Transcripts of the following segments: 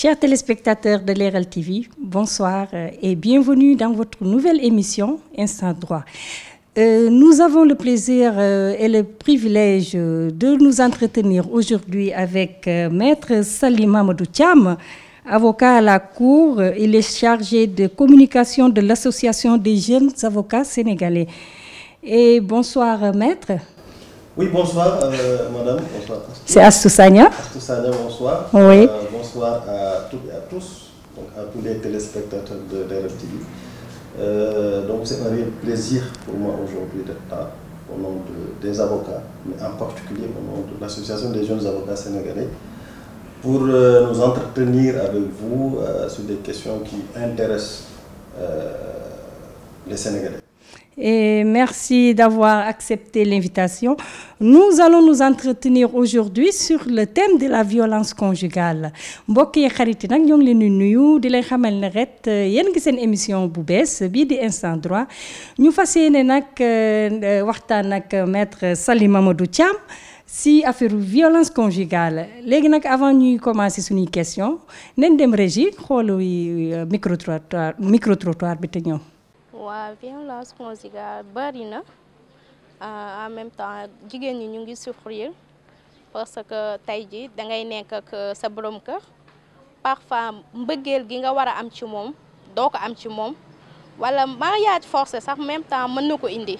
Chers téléspectateurs de l'ERL TV, bonsoir euh, et bienvenue dans votre nouvelle émission Instant Droit. Euh, nous avons le plaisir euh, et le privilège euh, de nous entretenir aujourd'hui avec euh, Maître Salima Madoucham, avocat à la Cour. Il est chargé de communication de l'Association des jeunes avocats sénégalais. Et bonsoir, Maître. Oui, bonsoir, euh, madame. Bonsoir. C'est Astou Sanya. bonsoir. Oui. Euh, bonsoir à toutes et à tous, donc à tous les téléspectateurs de DRFTV. Euh, donc, c'est un réel plaisir pour moi aujourd'hui d'être là au nom des avocats, mais en particulier au nom de l'Association des jeunes avocats sénégalais, pour euh, nous entretenir avec vous sur des questions qui intéressent les Sénégalais. et merci d'avoir accepté l'invitation. Nous allons nous entretenir aujourd'hui sur le thème de la violence conjugale mbokk yi xarit yi nag ñoo ngi leen di nuyu di lay xamal ne ret euh, yéen ngi seen émission bu bees bii di instant droit ñu fas ne nag euh, euh, waxtaan ak maître Saly Mamadou Thiam si affaire violence conjugale léegi nag avant ñuy commencer suñuy question nañ dem régie xoolu micro trottoir micro trottoir bi te ñëw. waa waaw violence conjugale bari na euh, en même temps jigéen ñi ñu ngi souffrir parce que tey ji da ngay nekk euh, sa borom kër parfois mbëggeel gi nga war a am ci moom doo ko am ci moom wala mariage forcé sax même temps mën na ko indi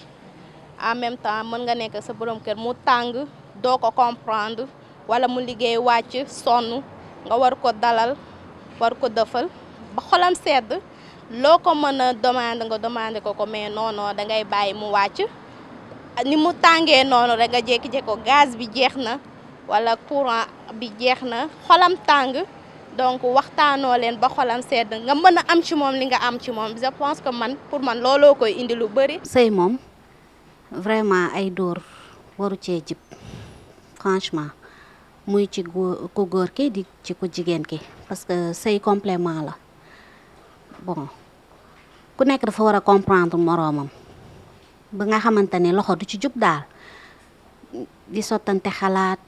en même temps mën nga nekk sa borom kër mu tàng doo ko comprendre wala mu liggéey wàcc sonn nga war ko dalal war ko dëfal ba xolam sedd loo ko mën a demandé nga demandé ko ko mais noonoo non da ngay bàyyi mu wàcc ni mu tàngee noonu rek nga jékki-jékki ko gaz bi jeex na wala courant bi jeex na xolam tàng donc waxtaanoo leen ba xolam sedd nga mën a am ci moom li nga am ci moom je pense que man pour man looloo koy indi lu bëri. sëy moom vraiment ay dóor waru cee jib franchement muy ci ku góor ki di ci ku jigéen ki parce que sëy complément la. bon ku nekk dafa war a comprendre moroomam ba nga xamante ne loxo du ci jub daal di sottante xalaat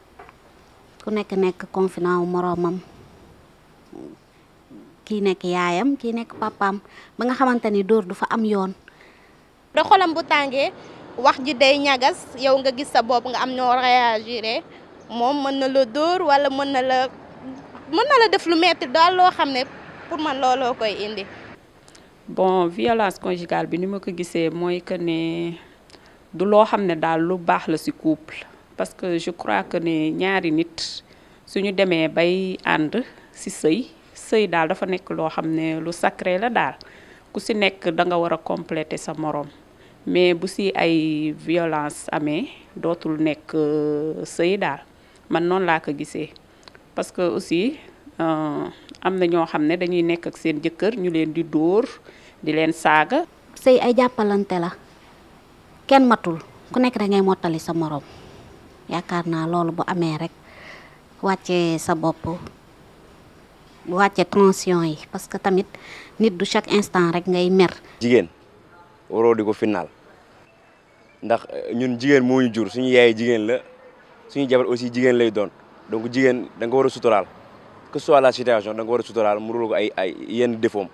ku nekk nekk confinant wu moroomam kii nekk yaayam ki nekk papaam ba nga xamante ni dóor du am yoon. da xolam bu tàngee wax ji day ñagas yow nga gis sa bopp nga am noo réagiré moom mën na la dóor wala mën na la mën na la def lu metti daal loo xam ne. pour man looloo koy indi. bon violence conjugale bi ni ma ko gisee mooy que ne du loo xam ne daal lu baax la ci couple parce que je crois que ne ñaari nit su ñu demee bay ànd ci sëy sëy daal dafa nekk loo xam ne lu sacré la daal ku ci nekk da nga war a compléter sa moroom mais bu ci ay violence amee dootul nekk euh, sëy daal man noonu laa ko gisee parce aussi Euh, am na ñoo xam ne dañuy nekk ak seen jëkkër ñu leen di dóor di leen saaga. sëy ay jàppalante la kenn matul ku nekk da mottali sa moroom yaakaar naa loolu bu amee rek wàcce sa bopp wàcce tension yi parce que tamit nit du chaque instant rek ngay mer. jigéen waroo di ko final ndax euh, ñun jigéen moo ñu jur suñu yaay jigéen la suñu jabar aussi jigéen lay doon donc jigéen da suturaal. que ce soit la situation da nga war a suturaal mënuloo ko ay yenn défaut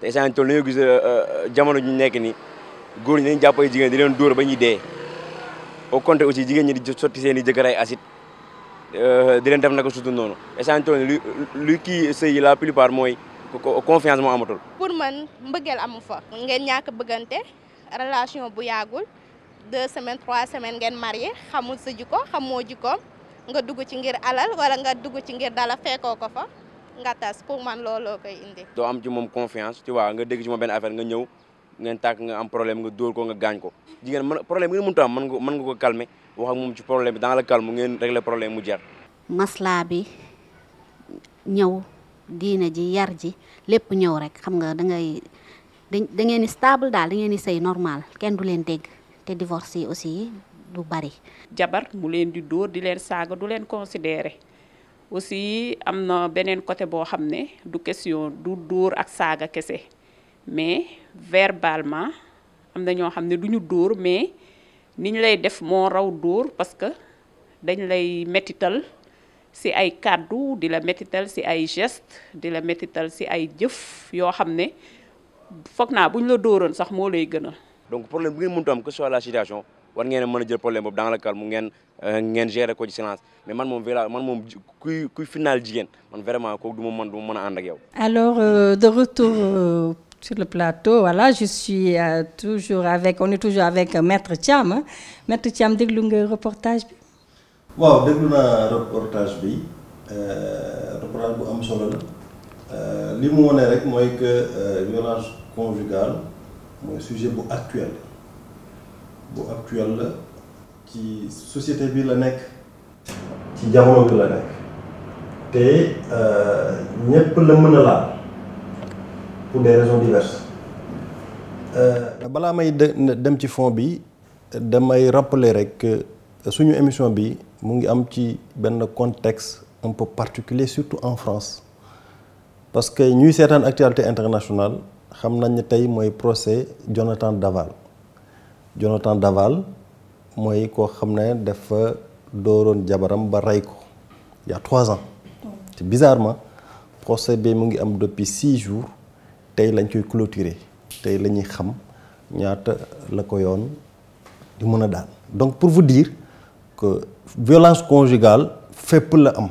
te instant yii toll nañoo gis euh, euh, jamono ju nekk ni góor ñi dañu jàpp ay jigéen di leen dóor ba ñuy dee. au contraire aussi jigéen ñi di sotti seen i jëkkër ay acide euh, di leen def naka sutu noonu instant yii lu lu kii sëy la plupart mooy confiance moo amatul. pour man mbëggeel amu fa. ngeen ñàkk bëggante relation bu yàggul deux semaines trois semaines ngeen marié xamul sa jikko xamoo jikkoom. nga dugg ci ngir alal wala nga dugg ci ngir dala fekkoo ko fa nga tas pour man looloo koy indi. doo am ci moom confiance ci waa nga dégg ci moom benn affaire nga ñëw ngeen tàkk nga am problème nga door ko nga gaañ ko jigéen man problème bi nga mënut a am mën nga mën nga ko calmer wax ak moom ci problème bi dans le calme ngeen régler problème mu jeex. maslaa bi ñëw diine ji yar ji lépp ñëw rek xam nga da ngay da ngeen ni stable daal da ngeen ni sëy normal kenn du leen dégg te lu bari. jabar mu leen di dóor di leen saaga du leen considérer aussi am na beneen côté boo xam ne du question du dóor ak saaga kese mais verbalement am na ñoo xam ne du ñu dóor mais ni ñu lay def moo raw dóor parce que dañ lay mettital ci ay kàddu di la mettital ci ay geste di la mettital ci ay jëf yoo xam ne foog naa bu ñu la dóoroon sax moo lay gënal. donc problème bu ngeen mënta am que soit la situation. war ngeen a mën a jël problème boobu dans le calme mu ngeen euh, ngeen gérer ko ci silence mais man moom vla man moom kuy kuy final jigéen man vraiment kooku du ma mën du a ànd ak yow alors euh, de retour euh, sur le plateau voilà je suis euh, toujours avec on est toujours avec euh, maître Thiam maître Thiam déglu nga reportage bi waaw déglu naa reportage bi reportage bu am solo la li mu wone rek mooy que violence conjugale mooy sujet bu actuel bu actuel la ci société bi la nekk ci jamono bi la nekk te euh, ñépp la mën a laal pour des raisons diverses euh, balaa may dem ci fond bi damay rappeler rek suñu émission bi mu ngi am ci benn contexte un peu particulier surtout en France parce que ñuy seetaan actualité internationale xam nañ ne tey mooy procès Jonathan Daval Jonathan Daval mooy koo xam ne dafa dooroon jabaram ba rey ko il trois ans te bizarrement procès bi mu ngi am depuis six jours tey lañ koy clôturer tey la ñuy xam ñaata la ko yoon di mën a daan donc pour vous dire que violence conjugale fépp la am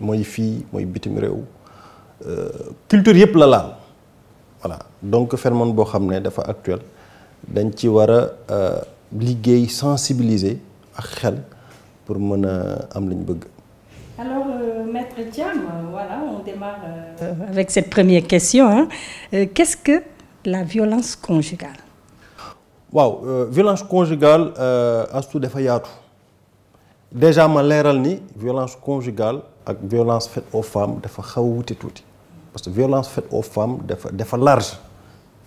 mooy fii mooy bitim réew euh, culture yëpp la laal voilà donc phénomène boo xam ne dafa actuel dañ ci war a euh, liggéey sensibiliser ak xel pour mën a am lañ bëgg. alors euh, maître Thiam euh, voilà on démarre. Euh, euh, avec cette première question qu'est-ce que la violence conjugale. waaw violence conjugale astu dafa yaatu déjà ma leeral ni violence conjugale ak violence faite aux femmes dafa xaw a tuuti parce que violence faite aux femmes dafa dafa large.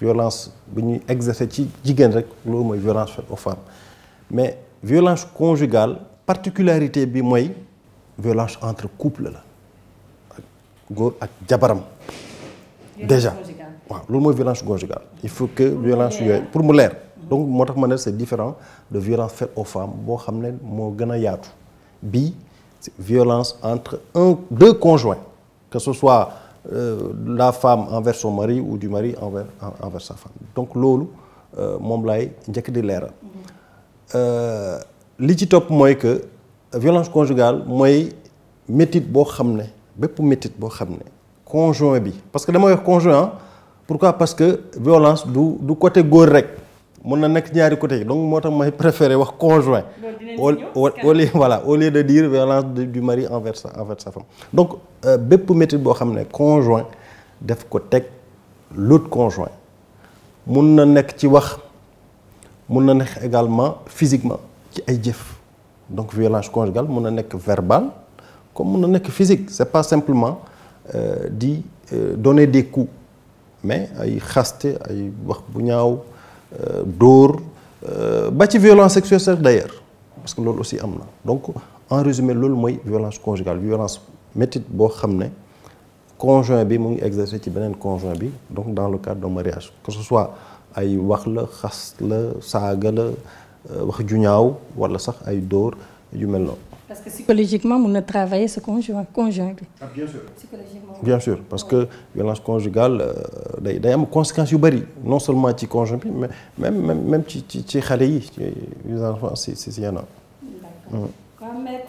violence bu ñuy exercer ci jigéen rek loolu mooy violence faite aux femmes mais violence conjugale particularité bi mooy violence entre couple la ak góor ak jabaram déjà waaw loolu mooy violence conjugale il faut que violence yooyu pour mu leer mhm. donc moo tax ma ne c'est différent de violence faite aux femmes boo xam ne moo gën a yaatu bi violence entre un deux conjoints que ce soit Euh, la femme envers son mari ou du mari envers envers sa femme donc loolu euh, moom laay njëkk di leeral euh, li ci topp mooy que violence conjugale mooy métit boo xam ne bépp métit boo xam ne conjoint bi parce que dama wax pour pourquoi parce que violence du du côté góor rek mun na nekk ñaari côté yi donc moo tax may préféré wax conjoint au lieu voilà au lieu de dire violence du mari envers sa envers sa femme donc euh, bépp métit boo xam ne conjoint def ko teg l'autre conjoint mun na nekk ci wax mun na nekk également physiquement ci ay jëf donc violence conjugale mun na nekk verbal comme mun na nekk physique c'est pas simplement euh, di euh, donner des coups mais ay xaste ay wax bu ñaaw Euh, dóor euh, ba ci violence sexuelle sax d'ailleurs parce que loolu aussi am na donc en résumé loolu mooy violence conjugale violence métit boo xam ne conjoint bi mu ngi exercer ci beneen conjoint bi donc dans le cadre d'un mariage que ce soit ay wax la xas la saaga la euh, wax ju ñaaw walla sax ay dóor yu mel noonu parce que psychologiquement mun na travailler sa conjoint ah, bien sûr parce que violence conjugale euh, day day am conséquences yu bëri non seulement ci conjoint bi mais même même même ci ci ci xale yi ci les mm.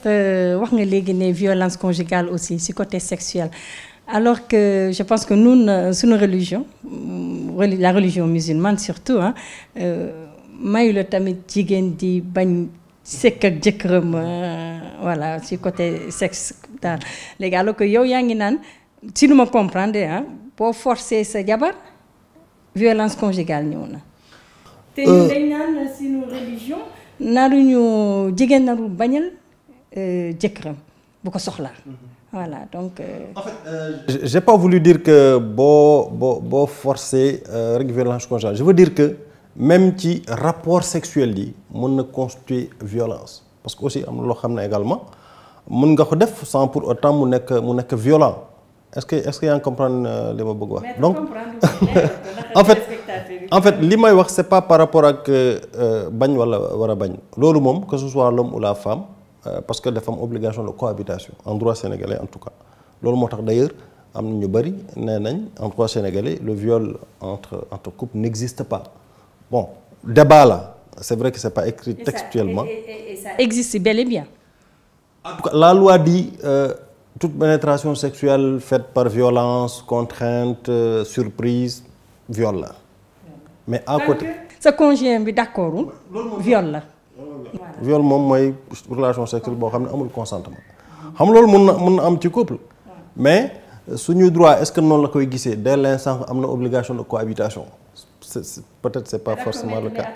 euh, wax nga léegi ne violence conjugale aussi si côté sexuel alors que je pense que ñun suñu religion mm, la religion musulmane surtout ah tamit jigéen di bañ. sëkk ak jëkkëram euh, voilà si côté sexe daal léegi alors yow yaa ngi naan si nu ma comprendre ah boo forcer sa jabar violence conjugale ñëw na. Euh, te ñu dañ naan suñu religion. naruñu jigéen naru bañal euh, jëkkëram bu ko soxla mhm. voilà donc. en fait j'ai pas voulu dire que boo boo boo forcer rek violence conjugale je veux dire que. même ci rapport sexuel yi mun na constituer violence parce que aussi am na loo xam ne également mën nga ko def sans pour autant mu nekk mu nekk violent est-ce que est-ce que euh, li bëgg wax donc en fait en fait li may wax c'est pas par rapport ak euh, euh, bañ wala war a bañ loolu moom que ce soit l'homme ou la femme parce que dafa am obligation de cohabitation en droit sénégalais en tout cas loolu moo tax d'ailleurs am na ñu bari nee nañ en droit sénégalais le viol entre entre couple n'existe pas Bon, débat là, c'est vrai que ce n'est pas écrit et textuellement. Ça, si et, bel et bien. En la loi dit euh, toute pénétration sexuelle faite par violence, contrainte, euh, surprise, viol la. Mais à côté. sa conjoint bi d'accord viol la. viol moom mooy relation sexuelle boo xam ne amul consentement. xam loolu mun na mun na am ci couple. mais euh, suñu droit est-ce que noonu la koy gisee dès l'instant am na obligation de cohabitation. peut-être c'est pas forcément le cas.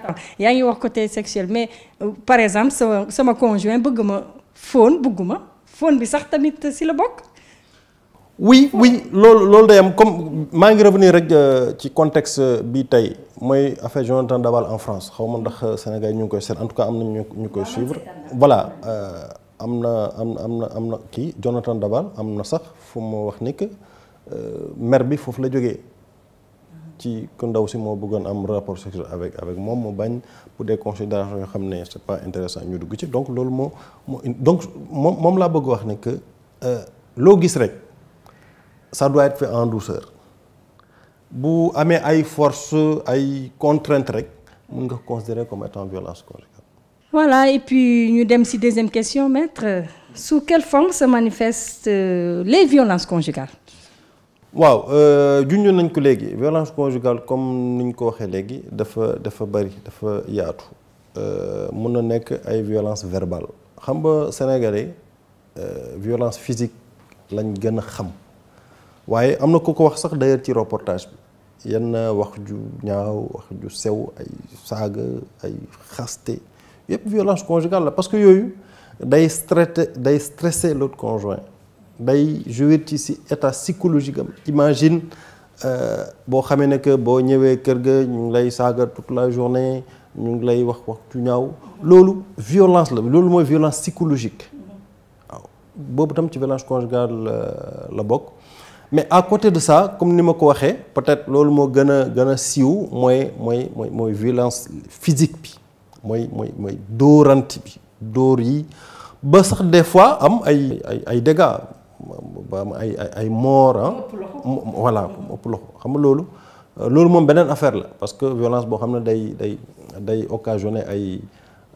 yaa ngi wax côté sexuel mais euh, par exemple sama sama conjoint bëgg ma fóon bëgguma ma bi sax tamit si la bokk. oui oui loolu loolu day am comme maa ngi revenir rek euh, ci contexte bi tey mooy affaire Jonathan Dabal en France xaw ma ndax euh, Sénégal ñu ngi koy seet en tout cas am na ñu ñu koy suivre. voilà am na am na am na kii Jonathan Dabal am na sax fu mu wax ni que maire bi foofu la jóge ci ku ndaw si moo bëggoon am rapport sexuel avec avec moom mu bañ pour des considérations yoo xam ne c'est pas intéressant ñu dugg ci donc loolu moo moo donc moom moom laa bëgg wax ne que euh, loo gis rek ça doit fait en douceur bu amee ay force ay contrainte rek mun nga ko considérer comme étant violence conjugale voilà et puis ñu dem ci deuxième question maître su quelle forme se manifestent euh, les violences conjugales waaw euh, junjoon nañ ko léegi violence conjugale comme ni ñu ko waxee léegi dafa dafa bari dafa yaatu euh, mun na nekk ay violence verbale xam nga sénégalais euh, violence physique lañ gën a xam waaye am na ko ko wax sax d'ailleurs ci reportage bi yenn wax ju ñaaw wax ju sew ay saaga ay xaste yëpp violence conjugale la parce que yooyu day stressé day stressé l'autre conjoint day jouir ci si état psychologique am imagine euh, boo xamee ne que boo ñëwee kër ga ñu lay saaga toute la journée ñu ngi lay wax wax ju ñaaw loolu violence la loolu mooy violence psychologique waaw boobu tam ci violence conjugale euh, la bokk mais à côté de ça comme ni ma ko waxee peut-être loolu moo gën a gën a siiw mooy mooy mooy mooy violence physique bi mooy mooy mooy dóorante bi dóor yi ba sax des fois am ay ay ay ba am ay ay moor ah. voilà ëpp xam nga loolu euh, loolu moom beneen affaire la parce que violence boo xam ne day day day occasionné ay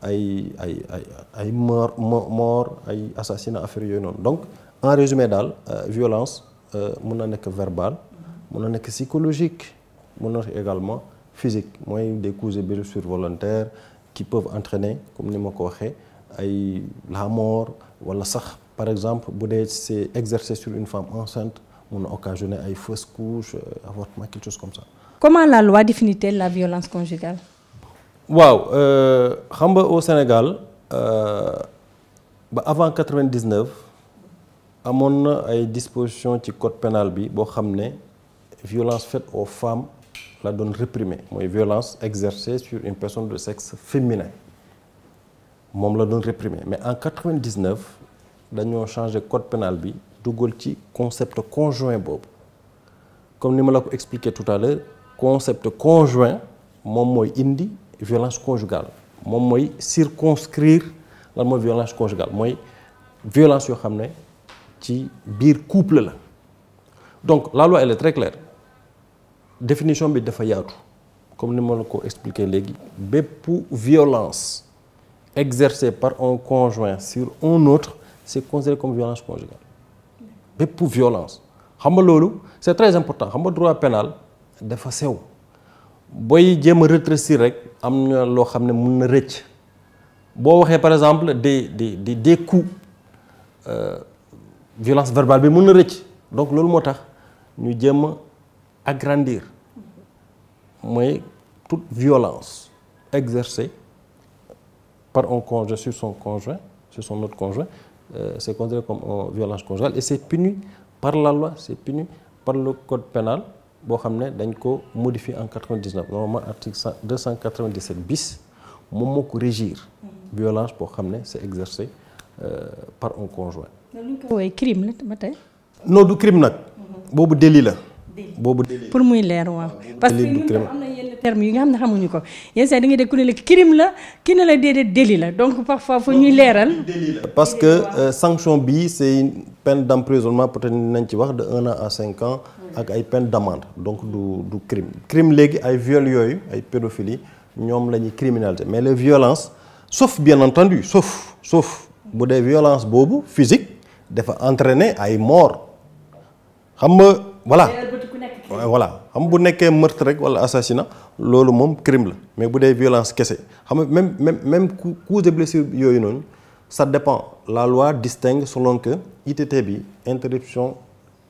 ay ay ay ay mort ay assassinat affaire yooyu noonu donc en résumé daal euh, violence euh, mun na nekk verbale mun na nekk psychologique mun na également physique mooy des coups sur blessures volontaires qui peuvent entraîner comme ni ma ko waxee ay la mort wala sax par exemple bu dee c'est exercé sur une femme enceinte mun na occasionner ay fausse couche euh, avortement quelque chose comme ça. comment la loi définit-elle la violence conjugale. waaw euh, xam nga au Sénégal euh, ba euh, avant 99 amoon na ay dispositions ci code bi boo xam ne violence faite aux femmes la doon réprimer mooy violence exercée sur une de sexe féminin moom la doon réprimer mais en dañoo changer code pénal bi duggal ci concept conjoint boobu comme ni ma la ko expliqué tout à l'heure concept conjoint moom mooy indi violence conjugale moom mooy circonscrire lan mooy violence conjugale mooy violence yoo xam ne ci biir couple la donc la loi elle est très claire définition bi dafa yaatu comme ni ma la ko expliquer léegi bépp violence exercée par un conjoint sur un autre c'est considéré comme violence conjugale bépp violence xam nga loolu c'est très important xam nga droit pénal dafa sew booy jéem a rétrécir rek am na loo xam ne mun na rëcc boo waxee par exemple des des des des coups euh, violence verbale bi mun na rëcc donc loolu moo tax ñu jéem a agrandir mooy toute violence exercée par un conjoint sur son conjoint sur son autre conjoint Euh, c'est considéré comme euh, violence conjugale et c'est puni par la loi c'est puni par le code pénal boo xam ne dañ ko modifier en 99 normalement article 297 bis moom moo ko régir mm-hmm. violence boo xam ne c'est exercée euh, par un conjoint. loolu ñu ko woowee crime la ba tey. du crime nag. Mm-hmm. boobu délit la. boobu délit pour muy leer waaw. parce que termes yi nga xam ne xamuñu ko yenn saa yi da ngay ku ne la crime la ki ne la déedéet délit la donc parfois fa ñuy leeral. parce que euh, sanction bi c' est une peine d' nañ ci wax de un an à cinq ans. ak ay peine d' donc du du crime. crime léegi ay viol yooyu ay pédophilie ñoom la ñuy criminalité mais le violences sauf bien entendu sauf sauf bu dee violence boobu physique dafa entraîner ay mort xam nga voilà. voilà xam bu nekkee meurtre rek wala assassinat loolu moom crime la mais bu dee violence kese xam nga même même même coups et blessures yooyu noonu sa dépend la loi distingue selon que ITT bi interruption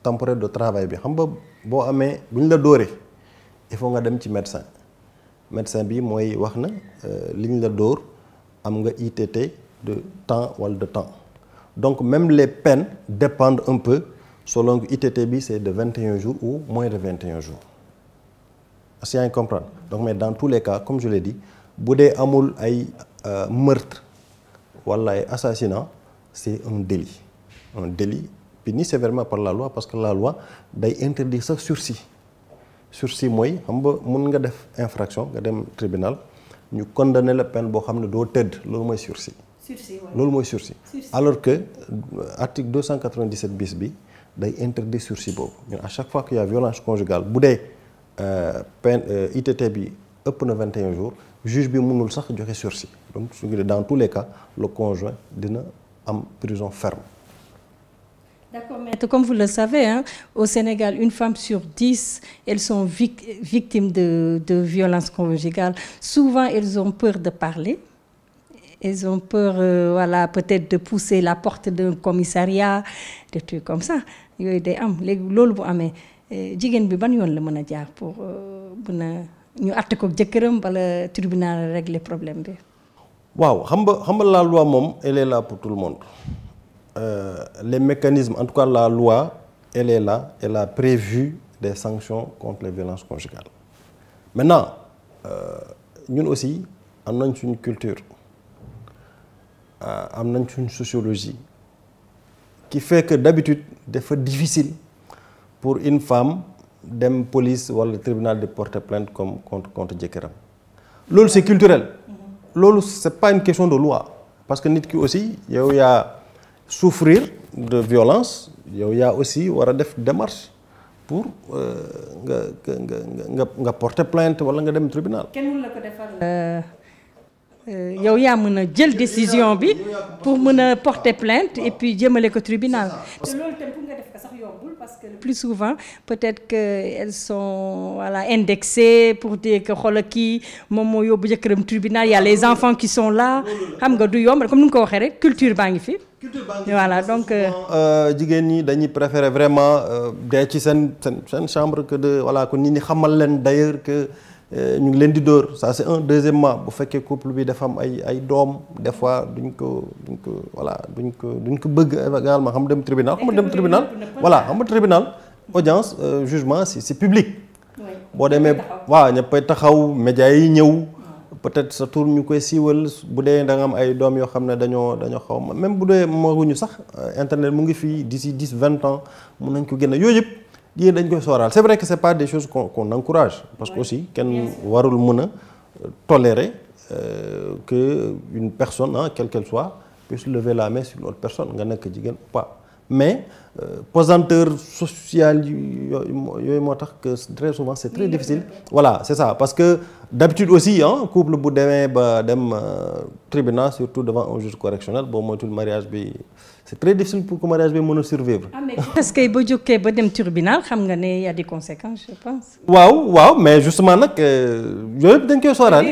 temporaire de travail bi xam nga boo amee bu ñu la dóoree il faut nga dem ci médecin le médecin bi mooy wax na euh, li ñu la dóor am nga ITT de temps wala de temps donc même les peines dépendent un peu selon que ITT bi c' est de 21 jours ou moins de 21 jours est-ce que yaa donc mais dans tous les cas comme je l'ai dit bu dee amul ay euh, meurtre wala ay assassinat c' un délit un délit puni sévèrement par la loi parce que la loi day interdire sax sursis sursis mooy xam ba mun nga def infraction nga dem tribunal ñu condamné la peine boo xam ne doo tëdd loolu mooy sursis. sursis loolu mooy sursis. alors que euh, article 297 bis bi. day interdit sursis boobu ñun à chaque fois qu'il y a violence conjugale bu dee euh, peine euh, ITT bi ëpp na 21 jours juge bi mënul sax joxe sursis donc su ñu dans tous les cas le conjoint dina am prison ferme. D'accord, maître. Comme vous le savez, au Sénégal, une femme sur dix, elles sont victimes de, de violences conjugales. Souvent, elles ont peur de parler Ils ont peur, euh, voilà, peut-être de pousser la porte d'un commissariat, des trucs comme ça. yooyu day am léegi loolu bu amee eh, jigéen bi ban yoon la mën a jaar pour euh, mën a ñu àtte ko jëkkëram wala tribunal régler problème bi. waaw xam nga xam nga la loi moom elle la là pour tout le monde euh, les mécanismes en tout cas la loi elle est là elle a prévu des sanctions contre les violences conjugales maintenant euh, ñun aussi am nañ suñu culture. Euh, am nañ suñ sociologie qui fekk que d'habitude dafa difficile pour une femme dem police walla tribunal de porte plante comme contre contre jëkkëram loolu si culturel loolu c'est pas une question de loi parce que nit ki aussi yow yaa souffrir de violence yow yaa aussi war a def démarche pour euh, nga nga nga nga porter plainte walla nga dem tribunal. Euh, yow yaa mën a jël décision bi pour mën a porter plainte et puis jëmale ko tribunal. te loolu parce que le plus souvent peut-être que elles sont voilà indexées pour dire que xoolal kii moom moo yóbbu jëkkëram tribunal y a les enfants qui sont la xam nga du yomb comme ni nga ko waxee rek culture baa ngi fi. voilà donc. Euh, euh, jigéen ñi dañuy préférer vraiment dee ci seen seen seen chambre que de voilà que nit ñi xamal leen d'ailleurs que. Euh, ñu ngi leen di dóor ça c'est un deuxièmement bu fekkee couple bi dafa am ay ay doom des fois duñ ko duñ ko voilà duñ ko duñ ko bëgg également xam dem tribunal xam dem tribunal voilà xam tribunal audience euh, jugement si publique public boo demee waa ñëppay taxaw médias yi ñëw peut-être sa tour ñu koy siiwal bu dee da nga am ay doom yoo xam ne dañoo dañoo xaw ma même bu dee maguñu sax euh, internet mu ngi fii di si dix vingt ans mun nañ ko gën a yooyu yëpp yéen dañ koy sooraal c'est vrai que c'est pas des choses qu'on qu'on encourage parce que aussi kenn warul mën a euh, tolérer euh, que une personne ah quelle qu'elle soit puisse lever la mais sur une autre personne nga nekk jigéen ou pas mais euh, pesanteur sociale yooyu moo tax que très souvent c'est très difficile voilà c'est ça parce que d'habitude aussi ah couple bu demee ba dem euh, tribunal surtout devant un juge correctionnel boo moytul mariage bi c'est très difficile pour que mariage bi mën a survivre. ah mais que ba jógee ba dem tribunal xam nga ne y a des conséquences je waaw waaw mais justement nag euh, yooyu dañ koy sóoraan.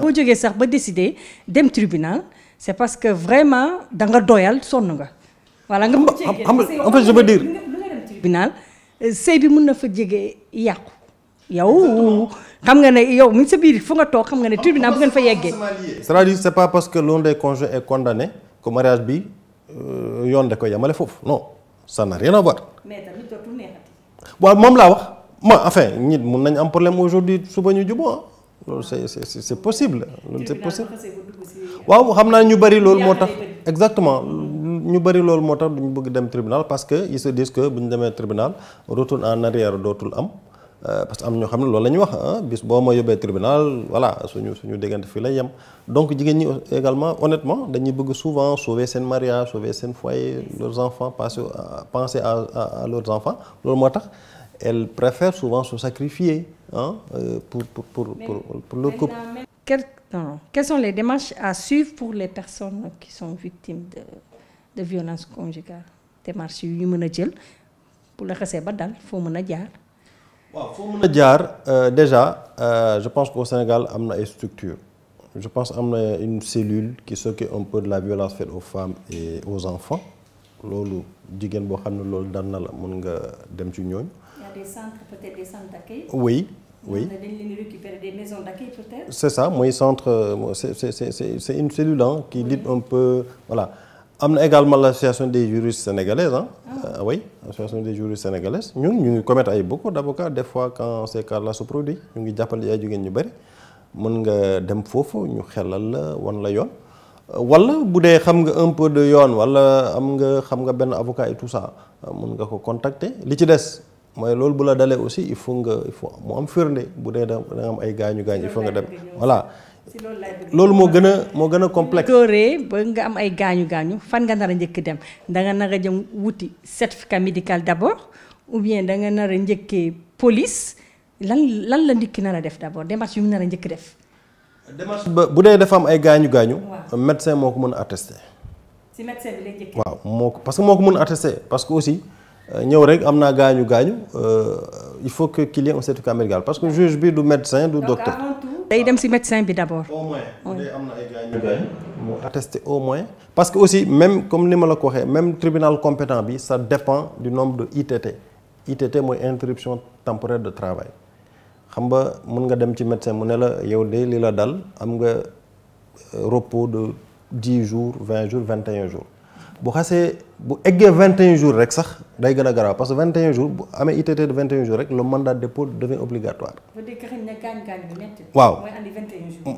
boo jógee sax ba décider dem tribunal c'est parce que vraiment da nga doyal sonn nga. voilà nga xam nga en fait je veux dire. tribunal euh, na fa jege yàqu. yow xam nga ne yow mi sa biir fu nga toog xam nga ne tribunal bu ngeen fa yeggee. c'est-à-dire c'est pas parce que l'un des conjoints est condamné que mariage bi euh, yoon da koy yamale foofu non ça n'a rien à waaw moom laa wax moo enfin nit mun nañ am problème aujourd'hui suba ñu jubóo ah. loolu c'est c'est c'est possible. loolu c'est possible waaw xam naa ñu bari loolu moo tax exactement. ñu bëri loolu moo tax duñu bëgg dem tribunal parce que ils se disent que bu ñu demee tribunal retour en arrière dootul am euh, parce que am ñoo xam ne loolu la ñuy wax bis boo ma yóbbee tribunal voilà suñu suñu déggante fii la yem donc jigéen ñi également honnêtement dañuy bëgg souvent sauver seen mariage sauver seen foyer leurs enfants passer euh, penser à à leurs enfants loolu moo tax elles préfèrent souvent se sacrifier hein, euh, pour, pour, pour, pour, pour le couple. Quelles, non, les démarches à suivre pour les personnes qui sont victimes de de violence conjugale démarche yu ñu mën a jël bu la xesee ba dal foo mën a jaar. waaw foo euh, déjà euh, je pense qu'au Sénégal am na ay structures je pense am na une cellule qui s'occupe un peu la violence faite aux femmes et loolu jigéen boo xam ne loolu daan la mën nga dem ci ñooñu. y ça mooy centre euh, c'est c'est une cellule hein, qui un voilà. am na également l' association des juristes sénégalaises ah. Euh, oui association des juristes sénégalaises ñun ñu ngi commettre ay beaucoup d' def fois quand ces cas là se produit ñu ngi jàppale ay jigéen ñu bëri mën nga dem foofu ñu xelal la wan la yoon. Euh, wala bu dee xam nga un peu de yoon wala am nga xam nga benn avocat et tout ça euh, mën nga ko contacter li ci des mooy loolu bu la dalee aussi il faut nga il faut mu am firnde bu dee da nga am ay gaañu gaañ il nga dem voilà. loolu moo gën a moo gën a complexe. dooree ba nga am ay gaañu gaañu fan nga nar a njëkk dem da nga nar a jëm wuti certificat médical d'abord ou bien da nga nar njëkkee police lan lan la ndikki nara def d'abord démarche yu mu nar a njëkk def. démarche ba bu dee dafa am ay gaañu gaañu. médecin moo ko mën a attester. si médecin bi waaw moo ko parce que moo ko mën a attester parce que aussi euh, ñëw rek am naa gaañu gaañu euh, il faut que qu'il y ait un certificat médical parce que juge bi du médecin du docteur. day dem ci médecin bi d'abord. au moins day am na ay gaañ mu attesté au moins parce que aussi même comme ni ma la ko waxee même tribunal compétent bi sa dépend du nombre de ITT ITT mooy interruption temporaire de travail xam nga mën nga dem ci médecin mu ne la yow de li la dal am nga repos de dix jours vingt jours vingt et un jours. bu xasee bu eggee vingt et un jours rek sax day gën a garaaw parce que vingt et un jours bu amee ITT de vingt et un jours rek le mandat de dépôt devient obligatoire. Mm,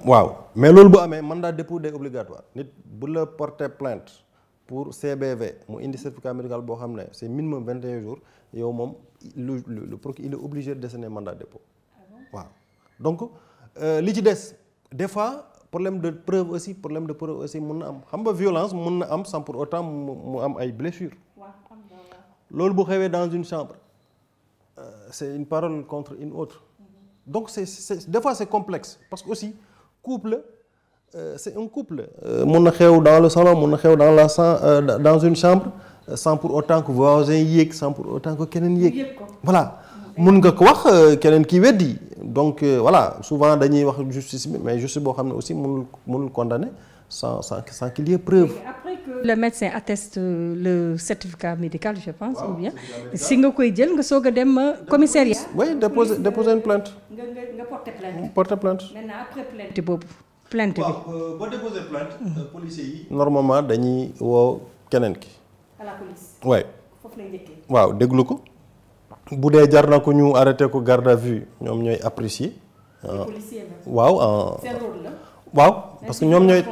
waaw mais loolu bu amee mandat de dépôt day obligatoire nit bu la porter plainte pour CBV mu indi certificat médical boo xam ne c'est minimum vingt et un jours yow moom lu lu procureur il est obligé de décerner mandat de dépôt ah waaw donc euh, li ci des des problème de preuve aussi problème de preuve aussi mun na am xam nga violence mun na am sans pour autant mu am ay blessures loolu bu xewee dans une chambre euh, c' est une parole contre une autre mhm. donc c' est des fois complexe parce que aussi couple euh, c' est un couple euh, mun na xew dans le salon mun na xew dans la dans une chambre sans pour autant que voisin yéeg sans pour autant que keneen yéeg voilà mun nga ko wax euh, keneen kii weddi donc euh, voilà souvent dañuy wax justice bi mais justice boo xam ne aussi mënul mënul condamner sans sans sans qu'il y ait preuve. après que le médecin atteste euh, le certificat médical ou bien si nga koy jël nga soog a dem commissariat. oui déposer déposer une plainte. nga nga nga porter plainte. Mmh, porter plainte. maintenant boobu. plainte bi mmh. yi. normalement dañuy woo keneen ki. à waaw déglu ko. bu dee jar na ko ñu arrêté ko garde à ñoom ñooy apprécier. Ah. waaw ah. waaw parce que ñoom ñooy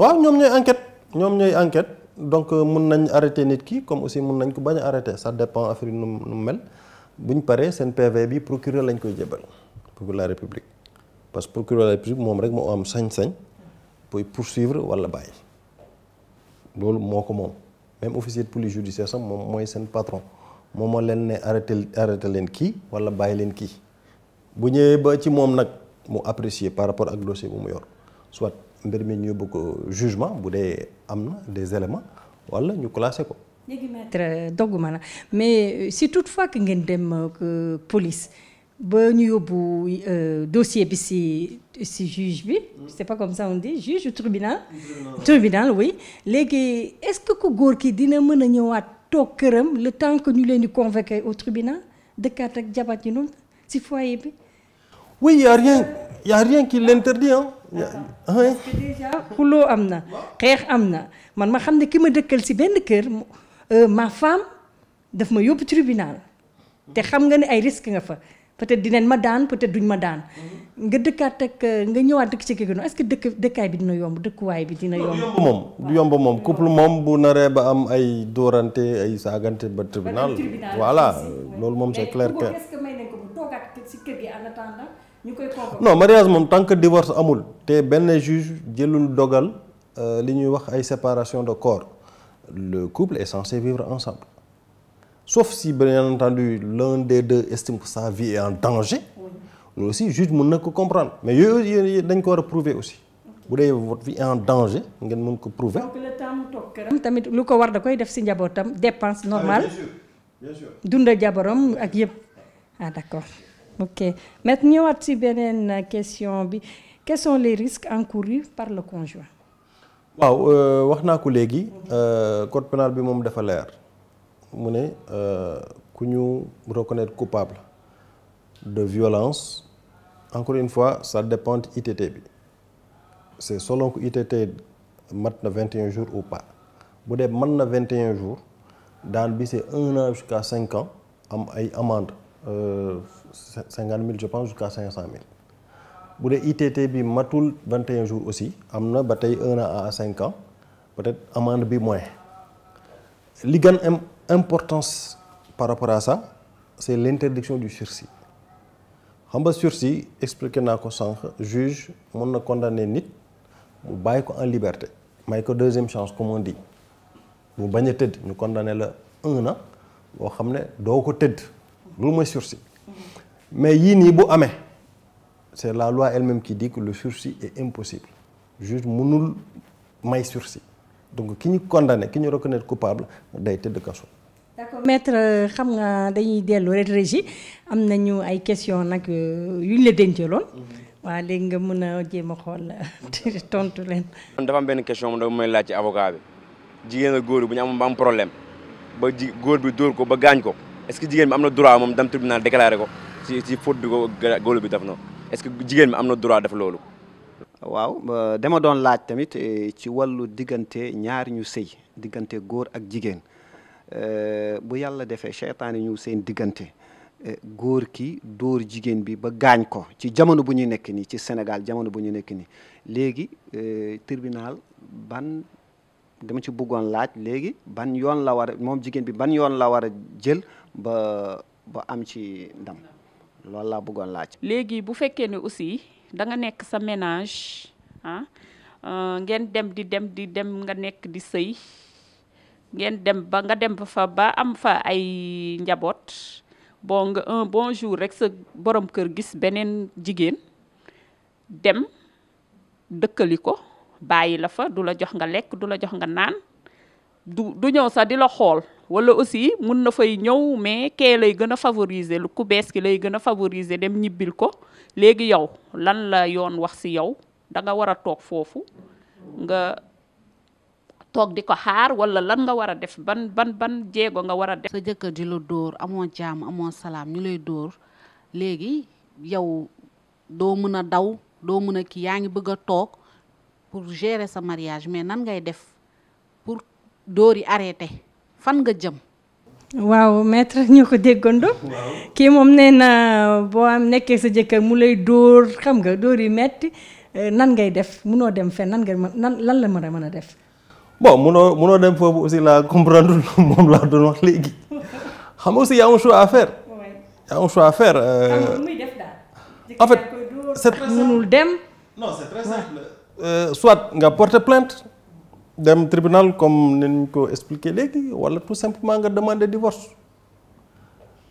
waaw ñoom ñooy enquête ñoom ñooy enquête donc euh, mun nañ arrêté nit kii comme aussi mun nañ ko bañ a arrêté ça dépend affaire nu mu mel buñ paree seen PV bi procureur lañ koy jébal pour la république parce que procureur de la république moom rek moo am sañ-sañ pour poursuivre walla bàyyi loolu moo ko moom même officier de police judiciaire moom mooy seen patron moom moo leen ne arrêté arrêté leen kii wala bàyyi leen kii bu ñëwee ba ci moom nag mu apprécier par rapport ak dossier bu mu yor soit mbir mi ñu yóbbu ko jugement bu dee am na des éléments wala ñu classé ko. léegi maître dogguma la mais euh, si toutefois que ngeen dem euh, police ba ñu yóbbu euh, dossier bi si si juge bi. c'est pas comme ça on dit juge tribunal. tribunal oui léegi est-ce que ku góor ki dina mën a ñëwaat. toog këram le temps que ñu leen di convoquer au tribunal dëkkaat ak jabat yi noonu si foyer bi. oui y' a rien y' a rien qui l' interdit hein. parce que am na xeex am na man ma xam ne ki ma dëkkal si benn kër euh, ma fem daf ma yóbbu tribunal te xam nga ne ay risque nga fa. peut-être dinañ ma daan peut-être duñ ma daan. Mm-hmm. nga dëkkaat ak euh, nga ñëwaat dëkk ci Kékeno est que dëkk dëkkaay bi dina yomb dëkkuwaay bi dina yomb. moom du yomba moom couple moom bu naree ba am ay dóorante ay saagante ba tribunal. voilà euh, loolu moom c'est clair que. mariage moom tant que divorce amul te benn juge jëlul dogal euh, li ñuy wax ay séparation de corps le couple est censé vivre ensemble. sauf si bien entendu l'un des deux estime que sa vie est en danger loolu aussi juge mën na ko comprendre mais yooyu dañ ko war a prouver aussi bu dee votre vie est en danger ngeen mën ko prouver. tamit lu ko war da koy def si njabootam dépense ah normale. bien sûr dunda ak yëpp. ah d'accord ok mais ñëwaat si beneen question bi quels sont les risques encourus par le conjoint waaw euh, wax naa ko léegi. Euh, code pénal bi moom dafa leer. mu ne euh, ku ñu reconnaître coupable de violence encore une fois ça dépend ITT bi c'est solo que ITT mat na un jours ou pas bu dee mën na vingt 21 jours daan bi c'est un an jusqu'à cinq ans am ay amende euh, cinquante mille je pense jusqu'à cinq cent mille bu dee ITT bi matul 21 jours aussi am na ba tey un an à cinq ans peut-être amende bi moins li gën am importance par rapport à ça c'est l'interdiction du sursi xam nga sursis expliqué naa ko sànq juge mën na condamner nit mu bàyyi ko en liberté may ko deuxième chance comme di dit mu bañ a tëdd ñu condamné la un an boo xam ne doo ko tëdd loolu mooy sursis mais yii nii bu amee c'est la loi elle-même qui dit que le sursis est impossible juge mënul may sursis donc ki ñu condamné ki ñu reconnaître coupable day tëdd kaso. d'accord maître xam nga dañuy dellu rek régie am euh, ñu ay question nag yuñ la dencaloon. Mm-hmm. waa léegi nga mën a jéem a xool tontu leen. dafa am benn question moom may laaj ci avocat bi jigéen ak góor bi bu ñu am ba am problème ba ji bi dóor ko ba gaañ ko est-ce que jigéen bi am na droit moom dem tribunal déclaré ko ci ci faute bi ko góor bi def na est-ce que jigéen bi am na droit def loolu. waaw dama doon laaj tamit eh, ci wàllu diggante ñaar ñu sëy diggante góor ak jigéen eh, bu yàlla defee seytaane ñu seen diggante eh, góor ki dóor jigéen bi ba gaañ ko ci jamono bu ñu nekk nii ci senegal jamono bu ñu nekk nii léegi tirbinal ban dama ci buggoon laaj léegi ban yoon la war a jigéen bi ban yoon la war a jël ba ba am ci ndam loolu laa laaj. léegi bu fekkee ne aussi. da nga nekk sa ménage ah euh, ngeen dem di dem di dem nga nekk di sëy ngeen dem ba nga dem ba fa ba am fa ay njaboot bon nga jour rek sa borom kër gis beneen jigéen dem dëkkali ko bàyyi la fa du la jox nga lekk du la jox nga naan du du ñëw sa di la xool wala aussi mun na fay ñëw mais ke lay gën a favoriser lu ku bees ki lay gën a favoriser dem ñibbil ko léegi yow lan la yoon wax ci yow da nga war a toog foofu nga toog di ko xaar wala lan nga war a def ban ban ban jéego nga war a def. sa jëkkër di la dóor amoo jaam amoo salaam ñu lay dóor léegi yow doo mën a daw doo mën a kii yaa ngi bëgg a toog pour gérer sa mariage mais nan ngay def pour dóor yi arrêté. fan nga jëm. waaw maître ñoo ko déggando kii moom nee na boo am nekkee sa jëkkër mu lay dóor xam nga dóor yi metti euh, nan ngay def munoo dem fen nan nga nan lan la mën a mën a def. bon munoo munoo dem foofu aussi la comprendre moom laa doon wax léegi xam aussi y a un choix à faire. un choix à faire. Euh, dem. Euh, soit nga porter plainte. dem tribunal comme ni ñu ko expliqué léegi wala tout simplement nga demander divorce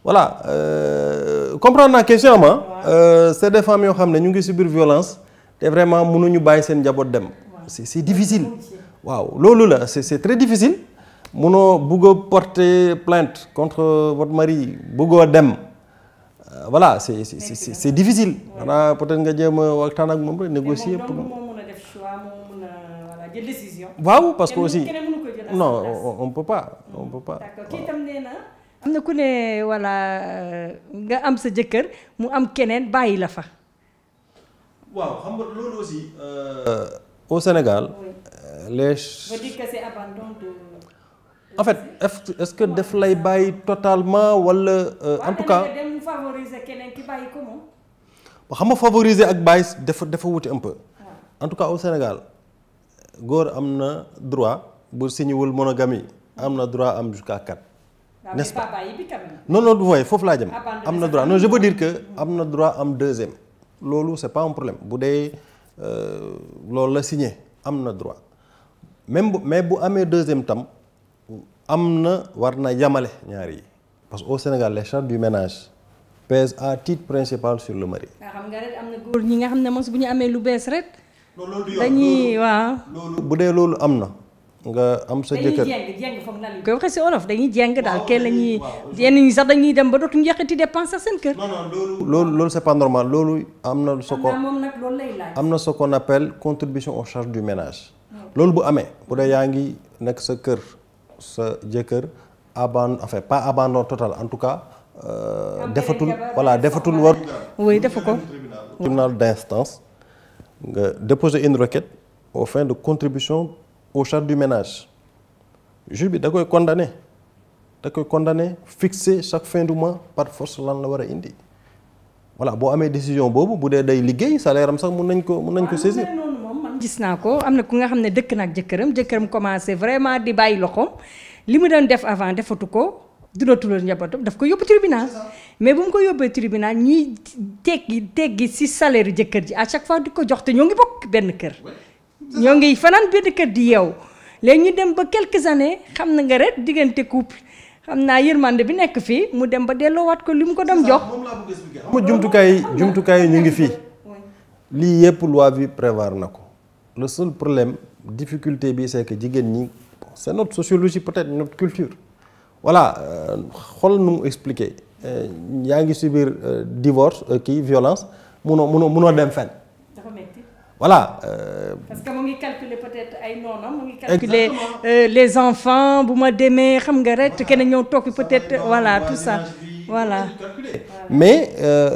voilà euh, comprendre naa question am ah. Euh, c'est des femmes yoo xam ne ñu ngi subir violence te vraiment mënuñu bàyyi seen njaboot dem. c'est c'est waaw loolu la c'est très difficile. munoo bëgg a porter plainte contre votre mari bëggoo dem euh, voilà c'est c'est c'est difficile. xanaa peut-être nga jéem a waxtaan ak moom rek négocier waaw parce que aussi non on am na ku ne voilà nga am sa jëkkër mu am keneen bàyyi la fa. waaw xam nga loolu aussi. Euh, au Sénégal. Euh, les. on dit en fait est-ce que daf lay bàyyi totalement wala. Euh, en tout cas dem xam nga favoriser ak bàyyi dafa dafa wuti un en tout cas au Sénégal. góor am na droit bu siñewul monogamie am na droit am jusqu'à quatre ah, n'est-ce pas non non du mooy foofu laa jëm ah, am na droit non je dire que am na droit am deuxième loolu c'est pas un problème bu dee euh, loolu la signé am na droit même bu mais bu amee deuxième tam am na war na yamale ñaari yi parce que au Sénégal les charges du ménage pèsent à titre principal sur le mari. Ah, góor ñi nga xam ne mos bu ñu amee lu bees rek. dañuy waaw. bu dee loolu am na. nga am sa jëkkër dañuy jeng jeng nga waxee si olof dañuy jeng daal kenn yenn ñi sax dañuy dem ba dootuñu yàqati dépense sax seen kër. loolu loolu c'est pas normal loolu am na. ce qu'on am na ce ko nappel contribution aux charges du ménage. loolu bu amee bu dee yaa ngi nekk sa kër sa jëkkër abandon enfin pas abandon total en tout cas. Euh, defatul voilà defatul war. oui defu ko. tribunal d'instance. nga déposer une requête au fin de contribution au charges du ménage juge bi da koy condamné da koy condamné fixé chaque fin du mois par force lan la war a indi voilà boo amee décision boobu bu dee day liggéey salaire am sax mun nañ ko mun nañ ko saisir. gis naa ko am na ku nga xam ne dëkk na ak jëkkëram jëkkëram commencé vraiment di bàyyi loxoom li mu doon def avant defatu ko. dina tulal njabootam daf ko yóbbu tribunal. mais bu mu ko yóbbee tribunal ñi teggi teggi si salaire jëkkër ji à chaque fois di ko jox te ñoo ngi bokk benn kër. ñoo ngi fanaan benn kër di yeew léegi ñu dem ba quelques années xam na nga rek diggante couple xam naa yërmande bi nekk fii mu dem ba delloowaat ko li mu ko dem jox. mu nga jumtukaay jumtukaay ñu ngi fii. lii yëpp loi bi prévoir na ko le seul problème difficulté bi c'est jigéen ñi c'est notre sociologie peut-être notre culture. voilà euh, xool nu mu expliquer euh, yaa ngi subir euh, divorce kii violence munoo munoo munoo dem fenn. dafa métti. voilà. parce les enfants bu ma demee xam nga rek kenn ñëw toog peut-être voilà tout ça voilà. mais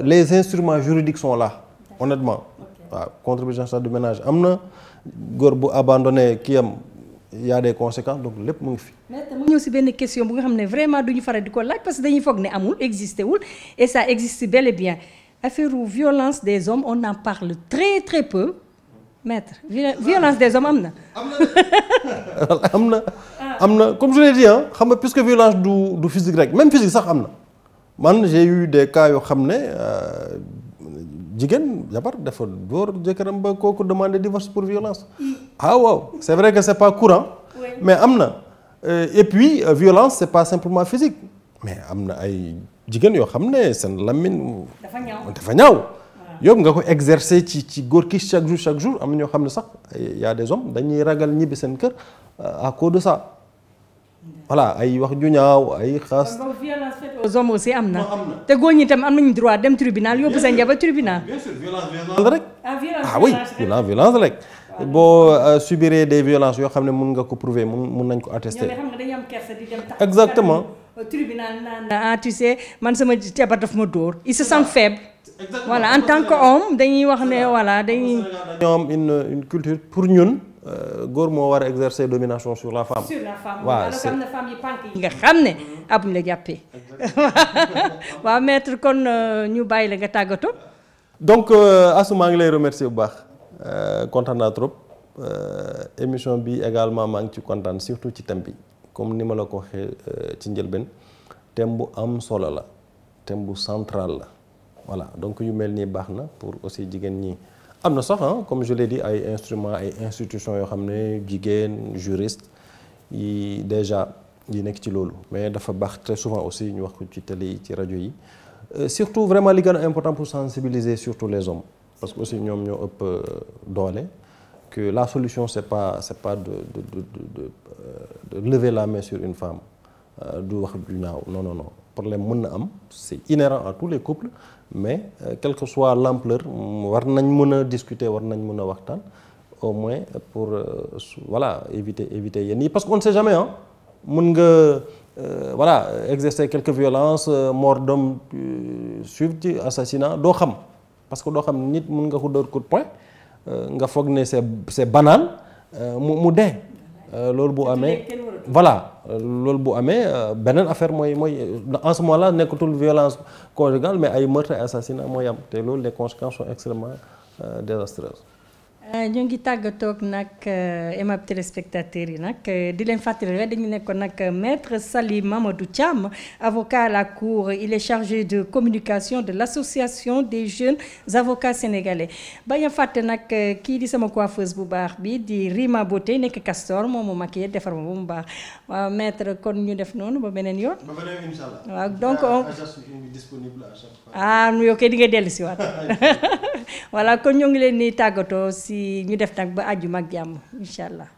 les instruments juridiques sont là honnêtement. waaw contribution de ménage am na góor bu abandonné kii am. y a des conséquences donc lépp mu fi. mais mu ñëw si benn question bu nga xam ne vraiment duñu faral di ko laaj parce que dañuy foog ne amul existé wul et ça existe bel et bien affaire u violence des hommes on en parle très très peu maître violence des hommes am na. am na am na comme je l'ai dit ah xam nga puisque violence du du physique rek même physique sax am na man j'ai eu des cas yoo xam ne. Euh, jigéen jabar dafa door jëkkëram ba kooku demandé divorce pour violence aw ah, waaw c'est vrai que c'est pas courant mais am na euh, et puis euh, violence c'est pas simplement physique mais am na ay jigéen yoo xam ne seen lammin dafa ñaaw dafa ñaaw yóbbu nga ko exercer ci ci góor ki chaque jour chaque jour am ñoo xam ne sax y a des hommes dañuy ragal ñibbi seen kër euh, à cause de ça voilà ay wax juñaaw ay xaas aux hommes aussi am na. te góor ñi tam am nañu droit dem tribunal yóbbu sa njaboot tribunal. bien sûr violence violence rek. ah, ah oui violence violence rek. boo euh, subiree des violences yoo xam ne mun nga ko prouver mun mun nañ ko attester. ñoom xam nga dañuy am kersa di dem. exactement tribunal naan ah tu sais man sama jabar daf ma dóor. ils se sentent faibles. voilà en tant qu'homme dañuy wax ne voilà dañuy. ñoom une une culture pour ñun. Euh, góor moo war a exercer domination sur la femme. sur la femme waaw nga xam ne abuñ la jàppee waaw maître kon euh, ñu bàyyi la nga tàggatoo. donc euh, Astou ngi lay remercier bu baax kontaan naa trop émission bi également maa ngi ci kontaan surtout ci thème bi comme ni ma la ko waxee ci njëlbeen thème bu am solo la thème bu central la voilà donc yu mel nii baax na pour aussi jigéen ñi. am na sax comme je l'ai dit ay instruments ay institutions yoo xam ne jigéen juriste yi déjà yi nekk ci loolu mais dafa baax très souvent aussi ñu wax ko ci télé yi ci rajo yi euh, surtout vraiment li gën a important pour sensibiliser surtout les hommes parce que aussi ñoom ñoo ëpp euh, doole que la solution c'est pas c'est pas de de de de euh, lever la main sur une femme du wax du ñaaw non non non problème mën na am c'est inhérent à tous les couples mais euh, quelque que soit l'ampleur mm, war nañ mën a discuter war nañ mën a waxtaan au moins pour euh, voilà éviter éviter yenn yi parce que on ne jamais ah mën nga euh, voilà exercer quelques violences mort d'homme suivre ci assassinat doo xam parce que doo xam nit mën nga ko dóor coup de poing nga foog ne c'est c'est banal mu mu dee Euh, euh, loolu bu amee voilà loolu bu amee beneen affaire mooy mooy euh, en ce nekkatul violence conjugale mais ay meurtre assassinat mooy am te loolu les conséquences sont extrêmement désastreuses Euh, ñu ngi tàggatoog nag euh, aimable téléspectateurs yi nag euh, di leen fàttali rek dañu nekkoon nag maître Salim Mamadou Thiam avocat à la cour il est chargé de communication de l'association des jeunes avocats sénégalais bañ a fàtte nag kii di sama coiffeuse bu baax bi di Rima Beauté nekk Castor moom mu maquillé defar ma mu baax waaw maître kon ñu def noonu ba beneen yoon. ba beneen donc on ah yow kay di nga si waat voilà kon ñoo ngi leen di tàggatoo si ñu def tag ba àjjuma mag jàmm incha allah.